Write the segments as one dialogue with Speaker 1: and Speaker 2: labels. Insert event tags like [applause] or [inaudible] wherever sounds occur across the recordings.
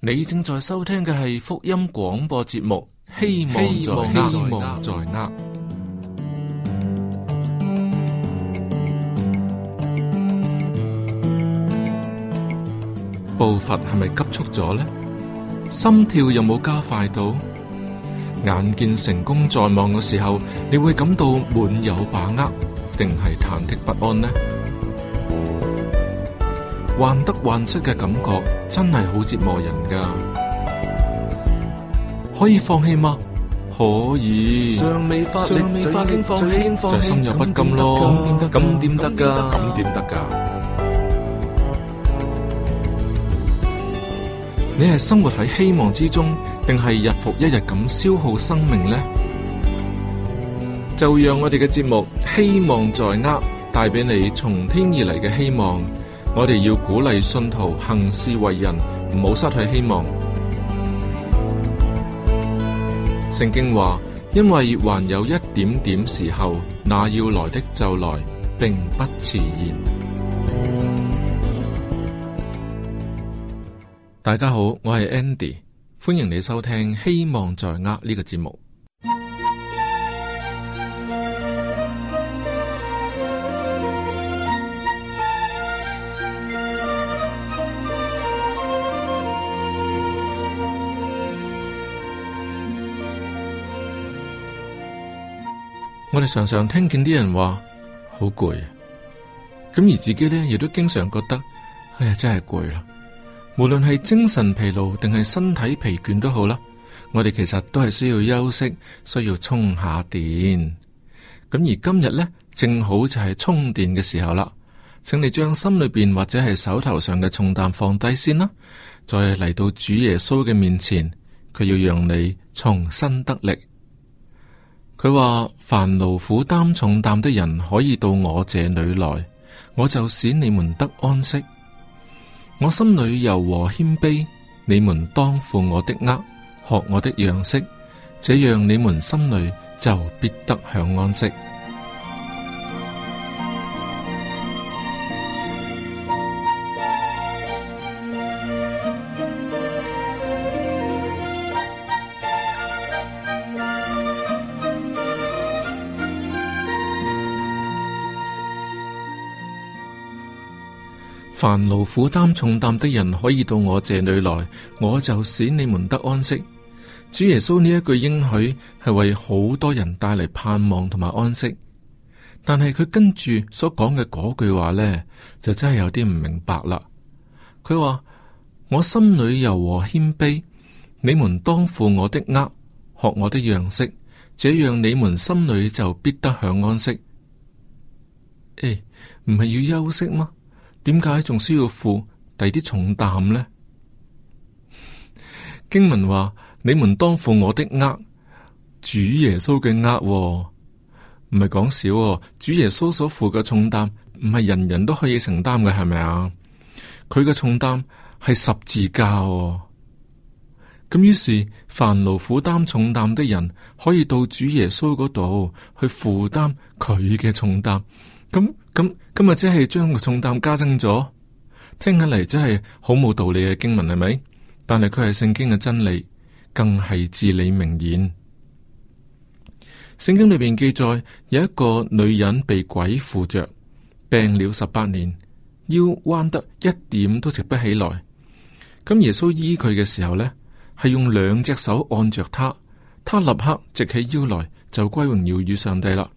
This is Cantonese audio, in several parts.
Speaker 1: 你正在收聽嘅係福音廣播節目，希望在握，希望在握。步伐係咪急促咗呢？心跳有冇加快到？眼見成功在望嘅時候，你會感到滿有把握，定係忐忑不安呢？患得患失嘅感覺真係好折磨人噶， [noise] 可以放棄嗎？可以。尚未發力，最輕放棄，就心有不甘得咯。咁、嗯、點得噶？咁點、嗯、得噶？得得你係生活喺希望之中，定係日復一日咁消耗生命呢？就讓我哋嘅節目《希望在握》，帶俾你從天而嚟嘅希望。我哋要鼓勵信徒行事為人，唔好失去希望。聖經話：因為還有一點點時候，那要來的就來，並不遲延。大家好，我係 Andy，歡迎你收聽《希望在握》呢個節目。我哋常常聽見啲人話好攰啊，咁而自己呢，亦都經常覺得，哎呀真係攰啦。無論係精神疲勞定係身體疲倦都好啦，我哋其實都係需要休息，需要充下電。咁而今日呢，正好就係充電嘅時候啦。請你將心裏邊或者係手頭上嘅重擔放低先啦，再嚟到主耶穌嘅面前，佢要讓你重新得力。佢話：凡勞苦擔重擔的人可以到我這裏來，我就使你們得安息。我心裏柔和謙卑，你們當負我的軛，學我的樣式，這樣你們心裏就必得享安息。凡勞苦擔重擔的人可以到我這裏來，我就使你們得安息。主耶穌呢一句應許係為好多人帶嚟盼望同埋安息。但係佢跟住所講嘅嗰句話呢，就真係有啲唔明白啦。佢話我心裏柔和謙卑，你們當負我的軛，學我的樣式，這樣你們心裏就必得享安息。誒、哎，唔係要休息嗎？點解仲需要負第啲重擔呢？經文話：你們當負我的軛，主耶穌嘅軛。哦，唔係講笑。主耶穌所負嘅重擔，唔係人人都可以承擔嘅，係咪啊？佢嘅重擔係十字架。哦。咁於是，凡勞苦擔重擔的人，可以到主耶穌嗰度去負擔佢嘅重擔。咁咁咁啊！即係將個重擔加增咗，聽起嚟真係好冇道理嘅經文係咪？但係佢係聖經嘅真理，更係至理名言。聖經裏邊記載有一個女人被鬼附着，病了十八年，腰彎得一點都直不起來。咁耶穌醫佢嘅時候呢，係用兩隻手按着她，她立刻直起腰來，就歸榮耀與上帝啦。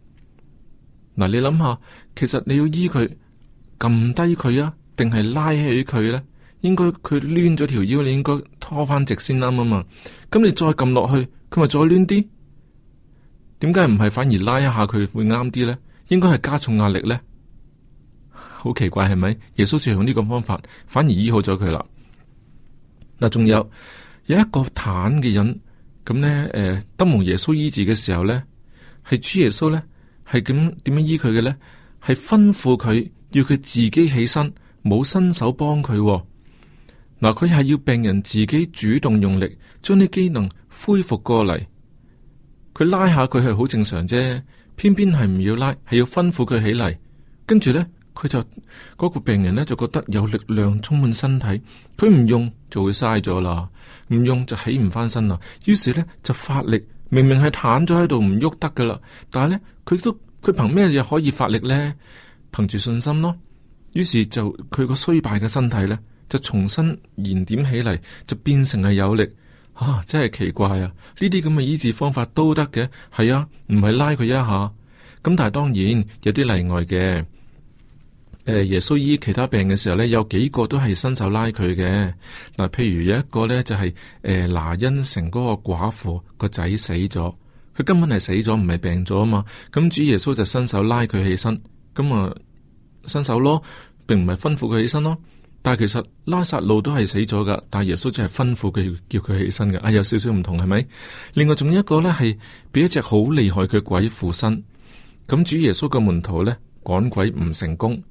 Speaker 1: 嗱、啊，你諗下，其實你要醫佢，撳低佢啊，定係拉起佢咧？應該佢攣咗條腰，你應該拖翻直先啱啊嘛。咁、嗯、你再撳落去，佢咪再攣啲？點解唔係反而拉一下佢會啱啲咧？應該係加重壓力咧？好奇怪係咪？耶穌就用呢個方法，反而醫好咗佢啦。嗱、啊，仲有有一個癱嘅人，咁咧，誒、呃，得蒙耶穌醫治嘅時候咧，係主耶穌咧。係咁點樣醫佢嘅呢？係吩咐佢要佢自己起身，冇伸手幫佢喎。嗱，佢係要病人自己主動用力，將啲機能恢復過嚟。佢拉下佢係好正常啫，偏偏係唔要拉，係要吩咐佢起嚟。跟住呢，佢就嗰個病人呢，就覺得有力量充滿身體，佢唔用就會嘥咗啦，唔用就起唔翻身啦。於是呢，就發力，明明係癱咗喺度唔喐得噶啦，但係呢。佢都佢憑咩嘢可以發力呢？憑住信心咯。於是就佢個衰敗嘅身體呢，就重新燃點起嚟，就變成係有力。吓、啊，真係奇怪啊！呢啲咁嘅醫治方法都得嘅，係啊，唔係拉佢一下。咁但係當然有啲例外嘅。誒，耶穌醫其他病嘅時候呢，有幾個都係伸手拉佢嘅。嗱、啊，譬如有一個呢，就係、是、誒、啊、拿恩城嗰個寡婦個仔死咗。佢根本係死咗，唔係病咗啊嘛！咁主耶穌就伸手拉佢起身，咁啊伸手咯，並唔係吩咐佢起身咯。但係其實拉撒路都係死咗噶，但係耶穌就係吩咐佢叫佢起身嘅。啊、哎，有少少唔同係咪？另外仲有一個咧，係俾一隻好厲害嘅鬼附身。咁主耶穌嘅門徒咧趕鬼唔成功，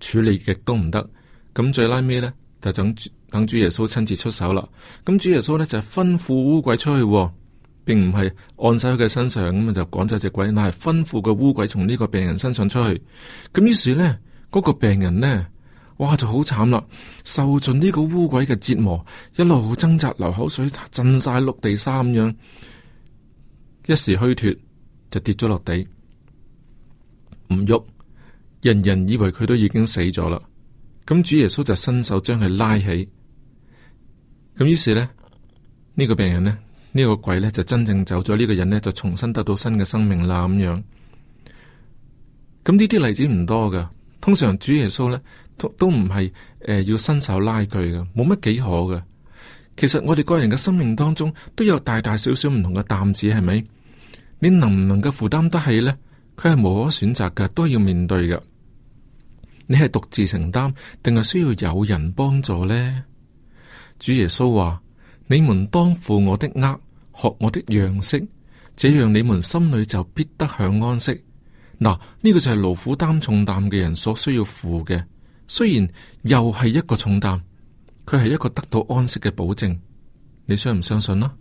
Speaker 1: 處理極都唔得。咁最拉尾咧？就等等主耶穌親自出手啦。咁主耶穌咧就吩咐烏鬼出去。並唔係按晒佢嘅身上，咁就趕走隻鬼，乃係吩咐個烏鬼從呢個病人身上出去。咁於是呢，嗰、那個病人呢，哇就好慘啦，受盡呢個烏鬼嘅折磨，一路掙扎流口水，震晒碌地沙咁樣，一時虛脫就跌咗落地，唔喐，人人以為佢都已經死咗啦。咁主耶穌就伸手將佢拉起。咁於是呢，呢、這個病人呢。呢個鬼呢，就真正走咗，呢、呢個人呢，就重新得到新嘅生命啦咁樣。咁呢啲例子唔多噶，通常主耶穌呢，都都唔係誒要伸手拉佢嘅，冇乜幾可嘅。其實我哋個人嘅生命當中都有大大小小唔同嘅擔子，係咪？你能唔能夠負擔得起呢？佢係無可選擇嘅，都要面對嘅。你係獨自承擔，定係需要有人幫助呢？主耶穌話：你們當負我的軛。學我的樣式，這樣你們心裏就必得享安息。嗱，呢個就係勞苦擔重擔嘅人所需要負嘅，雖然又係一個重擔，佢係一個得到安息嘅保證。你相唔相信啦？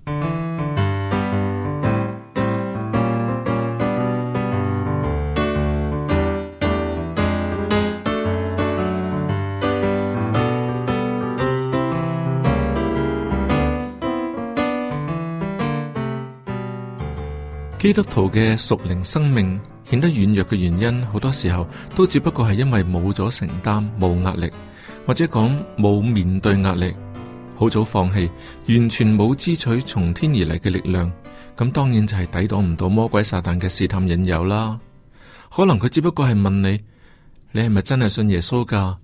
Speaker 1: 基督徒嘅屬靈生命顯得軟弱嘅原因，好多時候都只不過係因為冇咗承擔、冇壓力，或者講冇面對壓力，好早放棄，完全冇支取從天而嚟嘅力量。咁當然就係抵擋唔到魔鬼撒旦嘅試探引誘啦。可能佢只不過係問你，你係咪真係信耶穌噶？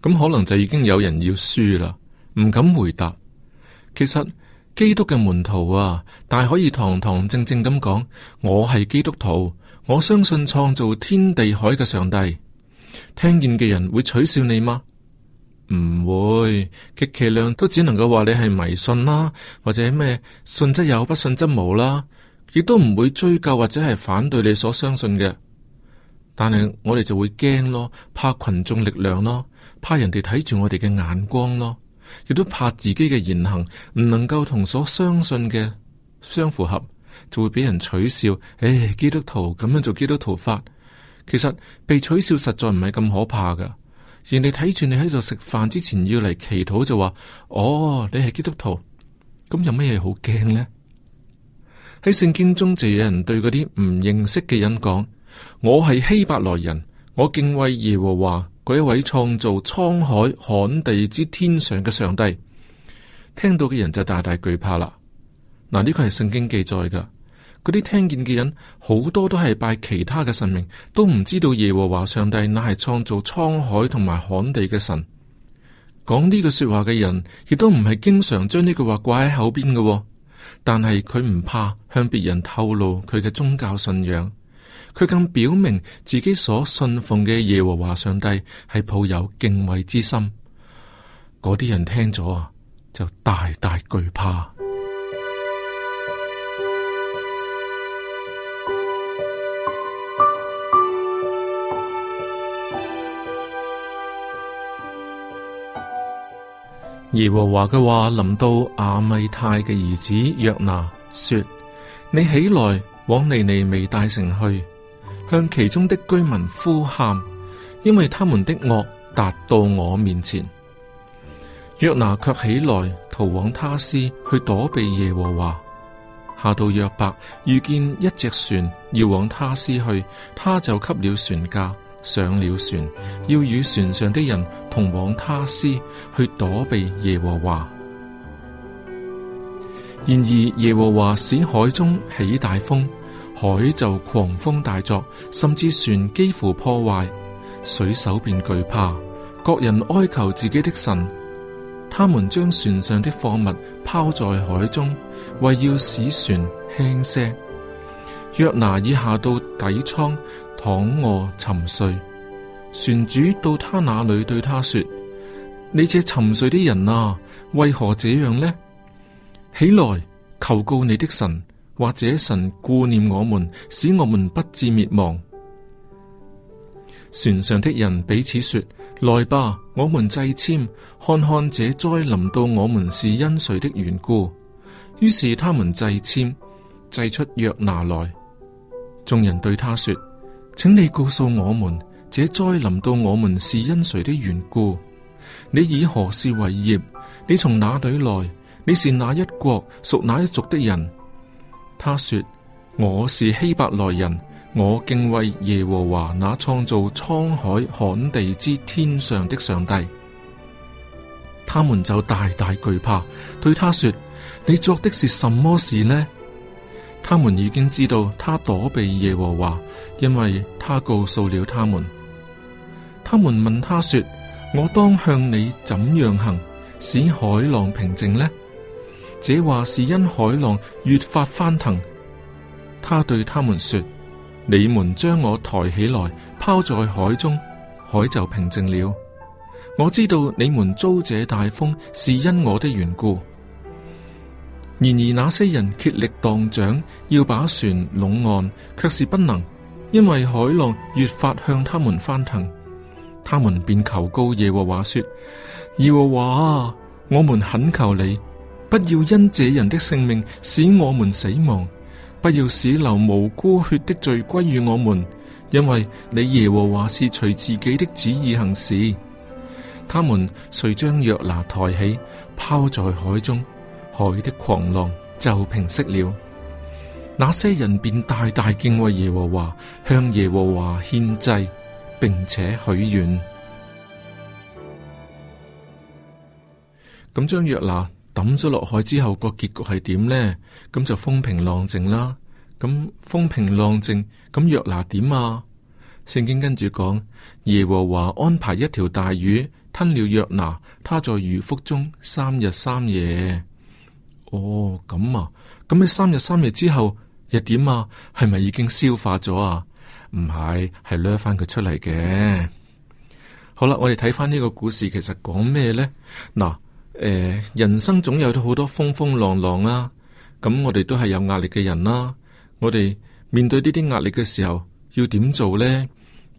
Speaker 1: 咁可能就已經有人要輸啦，唔敢回答。其實。基督嘅門徒啊，但係可以堂堂正正咁講，我係基督徒，我相信創造天地海嘅上帝。聽見嘅人會取笑你嗎？唔會，極其量都只能夠話你係迷信啦，或者咩信則有，不信則無啦，亦都唔會追究或者係反對你所相信嘅。但係我哋就會驚咯，怕群眾力量咯，怕人哋睇住我哋嘅眼光咯。亦都怕自己嘅言行唔能夠同所相信嘅相符合，就會俾人取笑。唉、哎，基督徒咁樣做基督徒法，其實被取笑實在唔係咁可怕噶。人哋睇住你喺度食飯之前要嚟祈禱就話：哦，你係基督徒，咁有咩嘢好驚呢？喺聖經中就有人對嗰啲唔認識嘅人講：我係希伯來人，我敬畏耶和華。嗰一位創造滄海、旱地之天上嘅上帝，聽到嘅人就大大懼怕啦。嗱，呢個係聖經記載噶嗰啲聽見嘅人好多都係拜其他嘅神明，都唔知道耶和華上帝乃係創造滄海同埋旱地嘅神。講呢句說話嘅人，亦都唔係經常將呢句話掛喺口邊嘅哦，但係佢唔怕向別人透露佢嘅宗教信仰。佢更表明自己所信奉嘅耶和華上帝係抱有敬畏之心。嗰啲人聽咗啊，就大大懼怕。耶和華嘅話臨到亞米泰嘅兒子約拿，說：你起來往尼尼微大城去。向其中的居民呼喊，因為他們的惡達到我面前。約拿卻起來逃往他施去躲避耶和華，下到約帕遇見一隻船要往他施去，他就給了船價上了船，要與船上的人同往他施去躲避耶和華。然而耶和華使海中起大風。海就狂風大作，甚至船幾乎破壞，水手便懼怕，各人哀求自己的神。他們將船上的貨物拋在海中，為要使船輕些。約拿已下到底艙躺臥沉睡，船主到他那裏對他說：你這沉睡的人啊，為何這樣呢？起來，求告你的神。或者神顧念我們，使我們不致滅亡。船上的人彼此說：來吧，我們掣簽，看看這災臨到我們是因誰的緣故。於是他們掣簽，掣出約拿來。眾人對他說：請你告訴我們，這災臨到我們是因誰的緣故？你以何事為業？你從哪裏來？你是哪一國、屬哪一族的人？他說：我是希伯來人，我敬畏耶和華那創造滄海旱地之天上的上帝。他們就大大懼怕，對他說：你作的是什麼事呢？他們已經知道他躲避耶和華，因為他告訴了他們。他們問他說：我當向你怎樣行，使海浪平靜呢？這話是因海浪越發翻騰，他對他們說：你們將我抬起來拋在海中，海就平靜了。我知道你們遭這大風是因我的緣故。然而那些人竭力盪槳，要把船攏岸，却是不能，因為海浪越發向他們翻騰。他們便求告耶和華說：耶和華我們懇求你。不要因這人的性命使我們死亡，不要使流無辜血的罪歸於我們，因為你耶和華是隨自己的旨意行事。他們遂將約拿抬起，拋在海中，海的狂浪就平息了。那些人便大大敬畏耶和華，向耶和華獻祭，並且許願。咁將約拿。抌咗落海之後個結局係點呢？咁就風平浪靜啦。咁風平浪靜，咁約拿點啊？聖經跟住講，耶和華安排一條大魚吞了約拿，他在魚腹中三日三夜。哦，咁啊，咁喺三日三夜之後又點啊？係咪已經消化咗啊？唔係，係掠翻佢出嚟嘅。好啦，我哋睇翻呢個故事其實講咩呢？嗱。誒、呃，人生總有好多風風浪浪啦、啊，咁我哋都係有壓力嘅人啦、啊。我哋面對呢啲壓力嘅時候，要點做呢？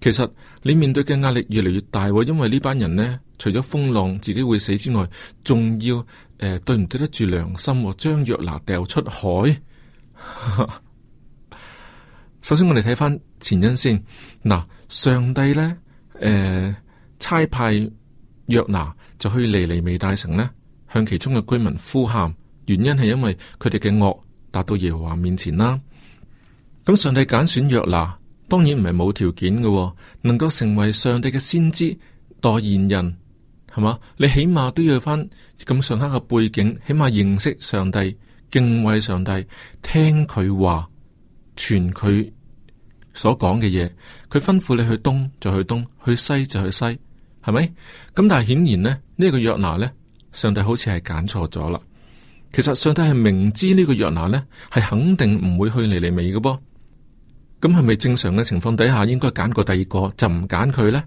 Speaker 1: 其實你面對嘅壓力越嚟越大、哦，因為呢班人呢，除咗風浪自己會死之外，仲要誒、呃、對唔對得住良心、哦，將約拿掉出海。 [laughs] 首先，我哋睇翻前因先。嗱，上帝呢，誒、呃、差派。約拿就可以尼尼微大城呢，向其中嘅居民呼喊，原因係因為佢哋嘅惡達到耶和華面前啦。咁、嗯、上帝揀選約拿，當然唔係冇條件嘅、哦，能夠成為上帝嘅先知代言人，係嘛？你起碼都要翻咁深刻嘅背景，起碼認識上帝，敬畏上帝，聽佢話，傳佢所講嘅嘢，佢吩咐你去東就去東，去西就去西。係咪？咁但係顯然呢，呢個約拿呢，上帝好似係揀錯咗啦。其實上帝係明知呢個約拿呢係肯定唔會去尼尼微嘅噃。咁係咪正常嘅情況底下應該揀個第二個就唔揀佢呢？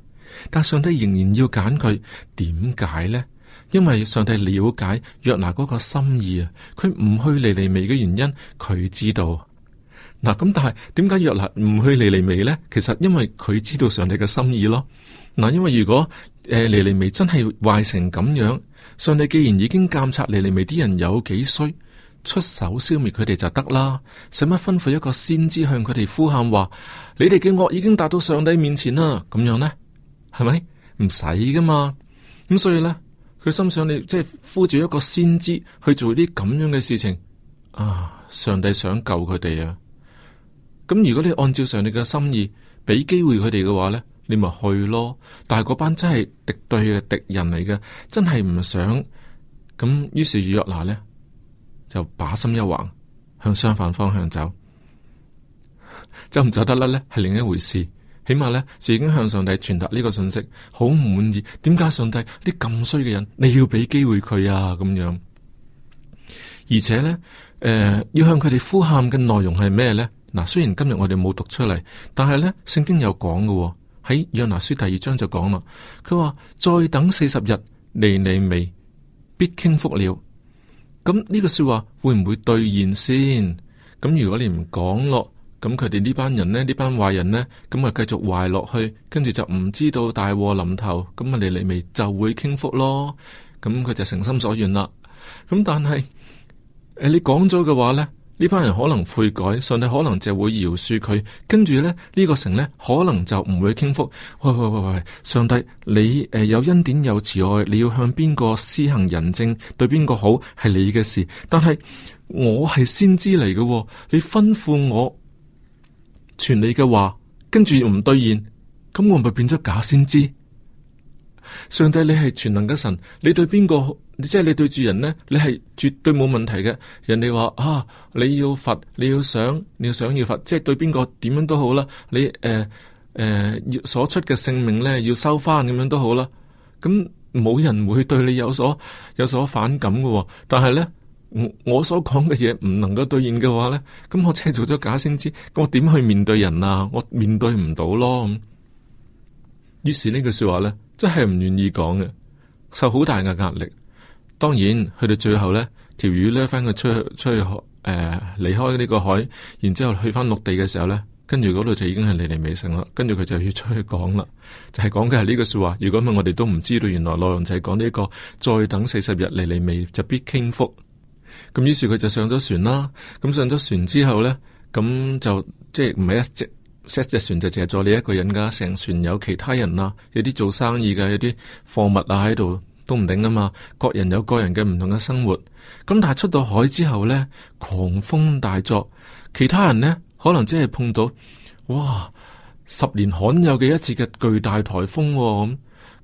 Speaker 1: 但上帝仍然要揀佢，點解呢？因為上帝了解約拿嗰個心意啊，佢唔去尼尼微嘅原因，佢知道。嗱，咁但係點解約拿唔去尼尼微呢？其實因為佢知道上帝嘅心意咯。嗱，因為如果誒、呃、 [noise] 尼尼微真係壞成咁樣，上帝既然已經監察尼尼微啲人有幾衰，出手消滅佢哋就得啦，使乜吩咐一個先知向佢哋呼喊話：你哋嘅惡已經達到上帝面前啦，咁樣呢？係咪唔使噶嘛？咁所以咧，佢心想你即係呼召一個先知去做啲咁樣嘅事情啊！上帝想救佢哋啊！咁如果你按照上帝嘅心意俾機會佢哋嘅話咧？你咪去咯，但係嗰班真係敵對嘅敵人嚟嘅，真係唔想咁。於是約拿呢，就把心一橫，向相反方向走，走唔走得甩呢係另一回事。起碼咧，就已經向上帝傳達呢個信息，好唔滿意。點解上帝啲咁衰嘅人，你要俾機會佢啊？咁樣而且呢，誒、呃，要向佢哋呼喊嘅內容係咩呢？嗱，雖然今日我哋冇讀出嚟，但係呢，聖經有講嘅、哦。喺約拿書第二章就講啦，佢話再等四十日，尼尼微必傾覆了。咁呢個說話會唔會兌現先？咁如果你唔講咯，咁佢哋呢班人呢，呢班壞人呢，咁啊繼續壞落去，跟住就唔知道大禍臨頭，咁啊尼尼微就會傾覆咯。咁佢就成心所願啦。咁但係誒，你講咗嘅話呢。呢班人可能悔改，上帝可能就會饒恕佢。跟住咧，呢、呢個城呢，可能就唔會傾覆。喂喂喂喂，上帝，你誒、呃、有恩典有慈愛，你要向邊個施行仁政，對邊個好係你嘅事。但係我係先知嚟嘅、哦，你吩咐我傳你嘅話，跟住又唔兌現，咁我咪變咗假先知。上帝，你係全能嘅神，你對邊個？你即係你對住人呢，你係絕對冇問題嘅。人哋話啊，你要罰，你要想，你要想要罰，即係對邊個點樣都好啦。你誒誒，要、呃呃、所出嘅性命咧，要收翻咁樣都好啦。咁冇人會對你有所有所反感嘅、哦。但係呢，我所講嘅嘢唔能夠兌現嘅話呢，咁我真係做咗假先知，我點去面對人啊？我面對唔到咯。於是呢句說話呢，真係唔願意講嘅，受好大嘅壓力。當然去到最後呢條魚咧翻佢出出去海，誒、呃、離開呢個海，然之後去翻陸地嘅時候呢，跟住嗰度就已經係尼尼微城啦。跟住佢就要出去講啦，就係、是、講嘅係呢句說話。如果唔係，我哋都唔知道原來內容就係講呢、呢個再等四十日尼尼微就必傾覆。咁於是佢就上咗船啦。咁上咗船之後呢，咁就即係唔係一隻 set 隻船就淨係坐你一個人㗎？成船有其他人啊，有啲做生意嘅，有啲貨物啊喺度。都唔定啊嘛，各人有各人嘅唔同嘅生活。咁但係出到海之後呢，狂風大作，其他人呢，可能只係碰到，哇，十年罕有嘅一次嘅巨大台風咁、哦。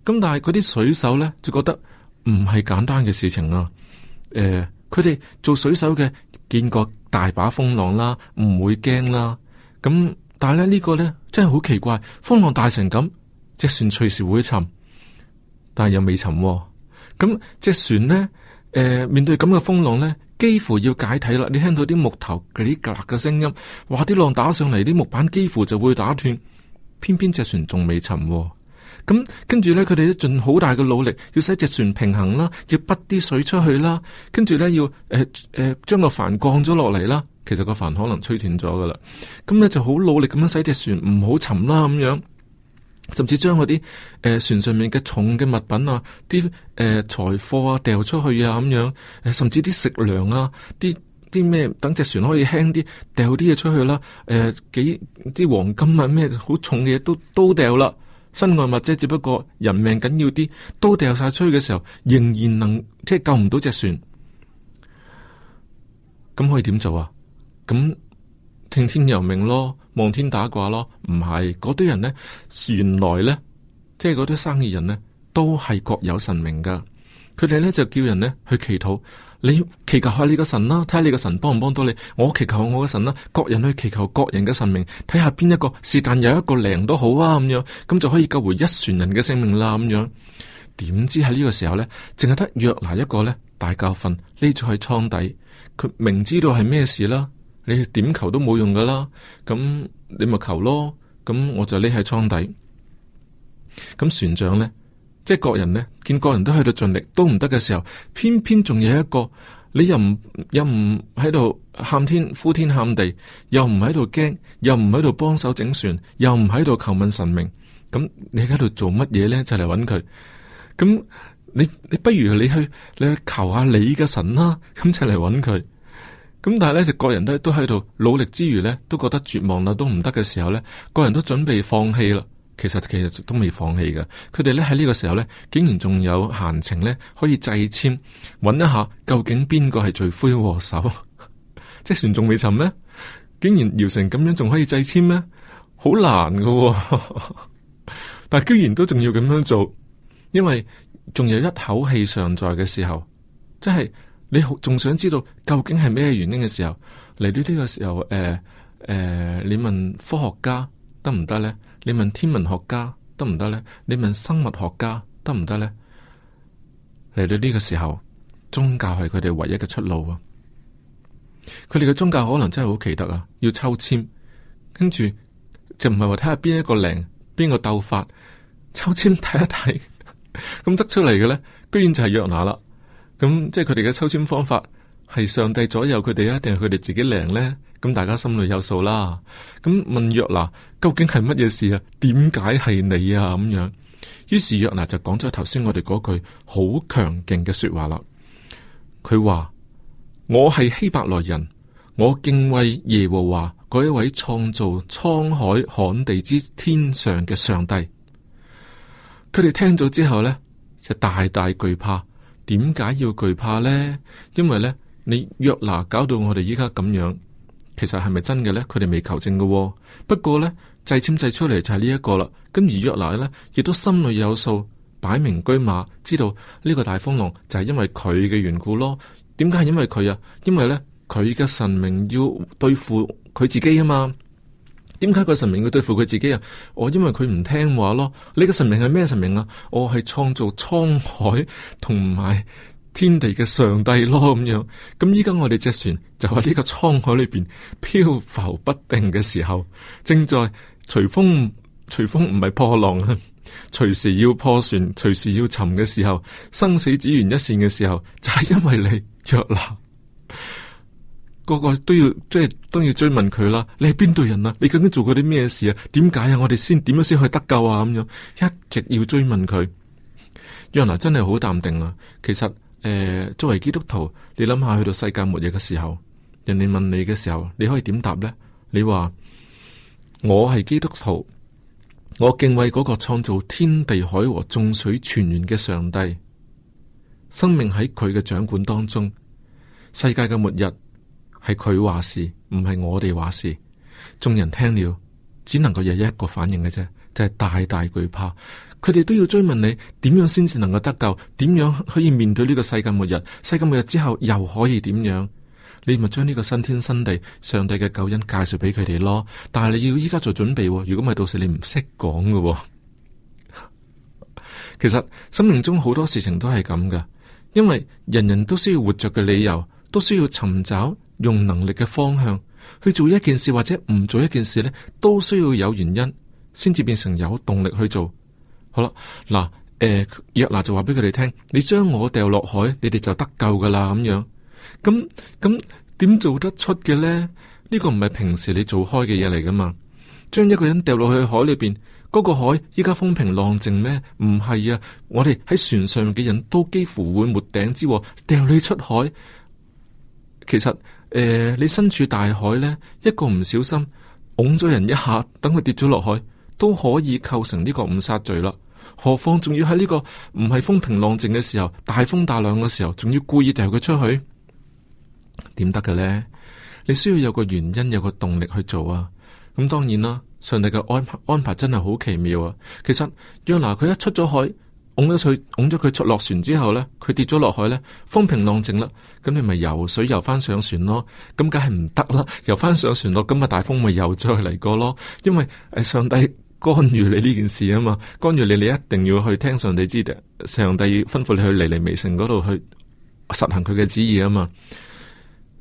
Speaker 1: 咁但係嗰啲水手呢，就覺得唔係簡單嘅事情啊。誒、呃，佢哋做水手嘅見過大把風浪啦，唔會驚啦。咁但係咧呢、呢個呢，真係好奇怪，風浪大成咁，隻船隨時會沉，但係又未沉、哦。咁隻船咧，誒、呃，面對咁嘅風浪咧，幾乎要解體啦。你聽到啲木頭幾格嘅聲音，哇！啲浪打上嚟，啲木板幾乎就會打斷。偏偏隻船仲未沉、喔，咁跟住咧，佢哋都盡好大嘅努力，要使隻船平衡啦，要滗啲水出去啦，跟住咧要，誒、呃、誒，將、呃、個帆降咗落嚟啦。其實個帆可能吹斷咗㗎啦。咁咧就好努力咁樣使隻船唔好沉啦，咁樣。甚至將嗰啲誒船上面嘅重嘅物品啊，啲誒財貨啊掉出去啊咁樣，誒甚至啲食糧啊，啲啲咩等隻船可以輕啲，掉啲嘢出去啦，啊。誒、呃、幾啲黃金啊咩好重嘅嘢都都掉啦。身外物啫，只不過人命緊要啲，都掉晒出去嘅時候，仍然能即係救唔到隻船。咁可以點做啊？咁聽天由命咯。望天打卦咯，唔係嗰堆人呢，原來呢，即係嗰啲生意人呢，都係各有神明噶。佢哋呢就叫人呢去祈禱，你祈求下你個神啦，睇下你個神幫唔幫到你。我祈求我嘅神啦，各人去祈求各人嘅神明，睇下邊一個，是但有一個靈都好啊，咁樣咁就可以救回一船人嘅性命啦，咁樣。點知喺呢個時候呢，淨係得約拿一個呢，大覺瞓，匿咗喺艙底，佢明知道係咩事啦。你點求都冇用噶啦，咁你咪求咯，咁我就匿喺倉底。咁船長呢，即係各人呢，見各人都喺度盡力，都唔得嘅時候，偏偏仲有一個，你又唔又唔喺度喊天呼天喊地，又唔喺度驚，又唔喺度幫手整船，又唔喺度求問神明，咁你喺度做乜嘢呢？就嚟揾佢，咁你你不如你去你去求下你嘅神啦，咁就嚟揾佢。咁但係咧，就個人都都喺度努力之餘咧，都覺得絕望啦，都唔得嘅時候咧，個人都準備放棄啦。其實其實都未放棄嘅，佢哋咧喺呢個時候咧，竟然仲有閒情咧，可以制簽，揾一下究竟邊個係罪魁禍首， [laughs] 即船仲未沉咩？竟然搖成咁樣，仲可以制簽咩？好難噶喎， [laughs] 但係居然都仲要咁樣做，因為仲有一口氣尚在嘅時候，即係。你好，仲想知道究竟係咩原因嘅時候嚟到呢個時候？誒、呃、誒、呃，你問科學家得唔得咧？你問天文學家得唔得咧？你問生物學家得唔得咧？嚟到呢個時候，宗教係佢哋唯一嘅出路啊！佢哋嘅宗教可能真係好奇特啊！要抽籤，跟住就唔係話睇下邊一個靈，邊個鬥法，抽籤睇一睇，咁 [laughs] 得出嚟嘅咧，居然就係約拿啦。咁即係佢哋嘅抽籤方法係上帝左右佢哋啊，定係佢哋自己靈呢？咁大家心裏有數啦。咁問約拿，究竟係乜嘢事啊？點解係你啊？咁樣，於是約拿就講咗頭先我哋嗰句好強勁嘅說話啦。佢話：我係希伯來人，我敬畏耶和華嗰一位創造滄海旱地之天上嘅上帝。佢哋聽咗之後呢，就大大懼怕。點解要懼怕呢？因為呢，你約拿搞到我哋依家咁樣，其實係咪真嘅呢？佢哋未求證嘅喎。不過呢，制簽制出嚟就係呢一個啦。咁而約拿呢，亦都心裏有數，擺明車馬知道呢個大風浪就係因為佢嘅緣故咯。點解係因為佢啊？因為呢，佢嘅神明要對付佢自己啊嘛。點解個神明要對付佢自己啊？我因為佢唔聽話咯。呢個神明係咩神明啊？我係創造滄海同埋天地嘅上帝咯，咁樣。咁依家我哋隻船就喺呢個滄海裏邊漂浮不定嘅時候，正在隨風隨風唔係破浪啊，隨 [laughs] 時要破船，隨時要沉嘅時候，生死只懸一綫嘅時候，就係、是、因為你着涼。個個都要即係都要追問佢啦，你係邊隊人啊？你究竟做過啲咩事啊？點解啊？我哋先點樣先可以得救啊？咁樣一直要追問佢。約拿真係好淡定啦，啊。其實誒、呃，作為基督徒，你諗下去到世界末日嘅時候，人哋問你嘅時候，你可以點答呢？你話我係基督徒，我敬畏嗰個創造天地海和眾水泉源嘅上帝，生命喺佢嘅掌管當中，世界嘅末日。係佢話事，唔係我哋話事。眾人聽了，只能夠有一個反應嘅啫，就係大大懼怕。佢哋都要追問你點樣先至能夠得救，點樣可以面對呢個世界末日？世界末日之後又可以點樣？你咪將呢個新天新地、上帝嘅救恩介紹俾佢哋咯。但係你要依家做準備，如果唔係到時你唔識講嘅。其實生命中好多事情都係咁噶，因為人人都需要活着嘅理由，都需要尋找。用能力嘅方向去做一件事或者唔做一件事呢，都需要有原因，先至變成有動力去做。好啦，嗱，誒、呃，約拿就話俾佢哋聽，你將我掉落海，你哋就得救噶啦。咁樣，咁咁點做得出嘅呢？呢、這個唔係平時你做開嘅嘢嚟噶嘛？將一個人掉落去海裏邊，嗰、那個海依家風平浪靜咩？唔係啊！我哋喺船上嘅人都幾乎會沒頂之禍，掉你出海，其實。誒、呃，你身處大海呢，一個唔小心，拱咗人一下，等佢跌咗落去，都可以構成呢個誤殺罪啦。何況仲要喺呢個唔係風平浪靜嘅時候，大風大浪嘅時候，仲要故意掟佢出去，點得嘅呢？你需要有個原因，有個動力去做啊。咁當然啦，上帝嘅安排安排真係好奇妙啊。其實，約拿佢一出咗海。拱咗佢，拱咗佢出落船之後呢，佢跌咗落海呢，風平浪靜啦，咁你咪游水游翻上船咯，咁梗係唔得啦，游翻上船咯，今日大風咪又再嚟過咯，因為上帝干預你呢件事啊嘛，干預你，你一定要去聽上帝知的，上帝吩咐你去尼尼微城嗰度去實行佢嘅旨意啊嘛，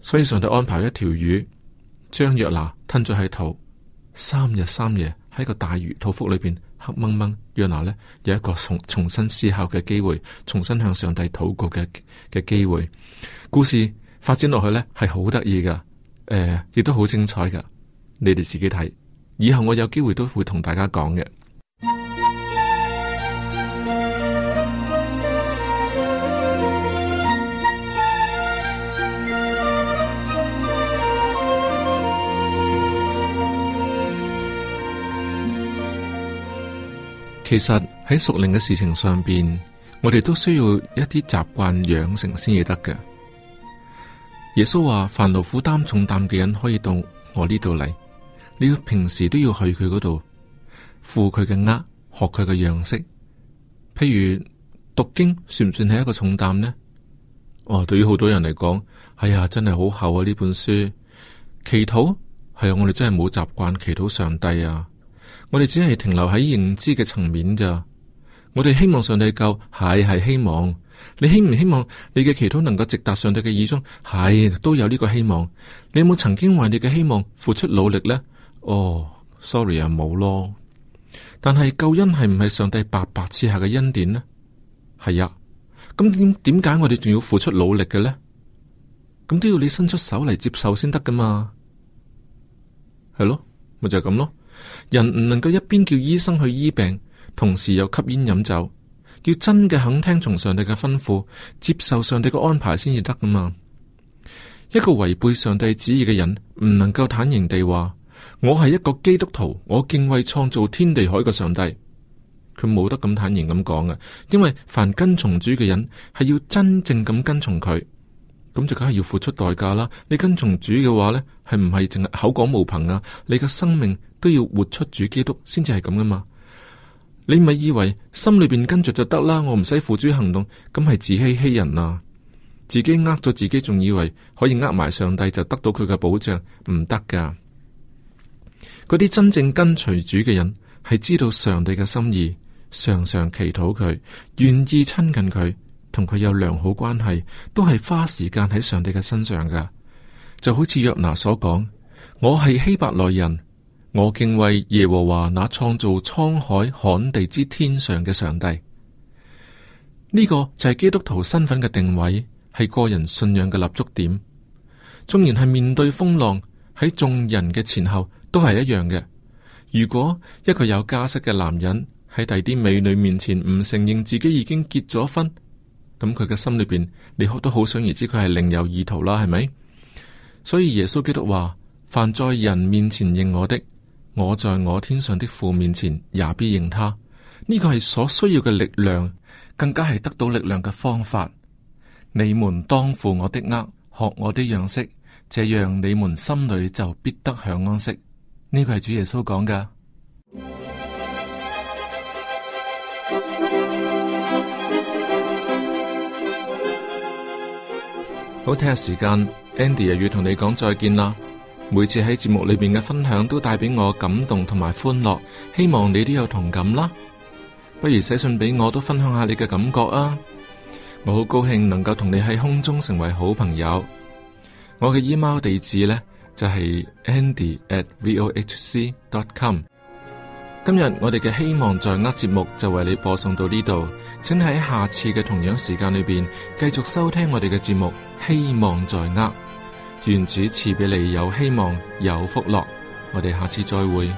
Speaker 1: 所以上帝安排一條魚將約拿吞咗喺肚，三日三夜喺個大魚肚腹裏邊。黑掹掹，原來呢，有一個重重新思考嘅機會，重新向上帝禱告嘅嘅機會。故事發展落去呢，係好得意噶，誒、呃、亦都好精彩噶，你哋自己睇。以後我有機會都會同大家講嘅。其實喺屬靈嘅事情上邊，我哋都需要一啲習慣養成先至得嘅。耶穌話：凡勞苦擔重擔嘅人，可以到我呢度嚟，你要平時都要去佢嗰度負佢嘅軛，學佢嘅樣式。譬如讀經算唔算係一個重擔呢？哦，對於好多人嚟講，哎呀，真係好厚啊！呢本書，祈禱係、哎、我哋真係冇習慣祈禱上帝啊。我哋只係停留喺認知嘅層面咋？我哋希望上帝救，係係希望。你希唔希望你嘅祈禱能夠直達上帝嘅耳中？係，都有呢個希望。你有冇曾經為你嘅希望付出努力呢？哦，sorry 啊，冇咯。但係救恩係唔係上帝白白賜下嘅恩典呢？係啊。咁點點解我哋仲要付出努力嘅呢？咁都要你伸出手嚟，接受先得噶嘛？係咯，咪就係咁咯。人唔能夠一邊叫醫生去醫病，同時又吸煙飲酒，要真嘅肯聽從上帝嘅吩咐，接受上帝嘅安排先至得噶嘛。一個違背上帝旨意嘅人，唔能夠坦然地話我係一個基督徒，我敬畏創造天地海嘅上帝。佢冇得咁坦然咁講啊，因為凡跟從主嘅人係要真正咁跟從佢。咁就梗係要付出代價啦！你跟從主嘅話呢，係唔係淨係口講無憑啊？你嘅生命都要活出主基督，先至係咁噶嘛？你咪以為心裏邊跟着就得啦？我唔使付諸行動，咁係自欺欺人啊！自己呃咗自己，仲以為可以呃埋上帝就得到佢嘅保障，唔得噶！嗰啲真正跟隨主嘅人，係知道上帝嘅心意，常常祈禱佢，願意親近佢。同佢有良好關係，都係花時間喺上帝嘅身上噶，就好似約拿所講：我係希伯來人，我敬畏耶和華那創造滄海、旱地之天上嘅上帝。呢、這個就係基督徒身份嘅定位，係個人信仰嘅立足點。縱然係面對風浪，喺眾人嘅前後都係一樣嘅。如果一個有家室嘅男人喺第啲美女面前唔承認自己已經結咗婚，咁佢嘅心裏邊，你都好想而知佢係另有意圖啦，係咪？所以耶穌基督話：凡在人面前認我的，我在我天上的父面前也必認他。呢個係所需要嘅力量，更加係得到力量嘅方法。你們當負我的軛，學我的樣式，這樣你們心裏就必得享安息。呢個係主耶穌講噶。好，聽下時間，Andy 又要同你講再見啦。每次喺節目裏邊嘅分享都帶俾我感動同埋歡樂，希望你都有同感啦。不如寫信俾我，都分享下你嘅感覺啊！我好高興能夠同你喺空中成為好朋友。我嘅 email 地址呢，就係、是、Andy at vohc.com。今日我哋嘅希望在握節目就為你播送到呢度，請喺下次嘅同樣時間裏邊繼續收聽我哋嘅節目希望在握，願主賜俾你有希望有福樂，我哋下次再會。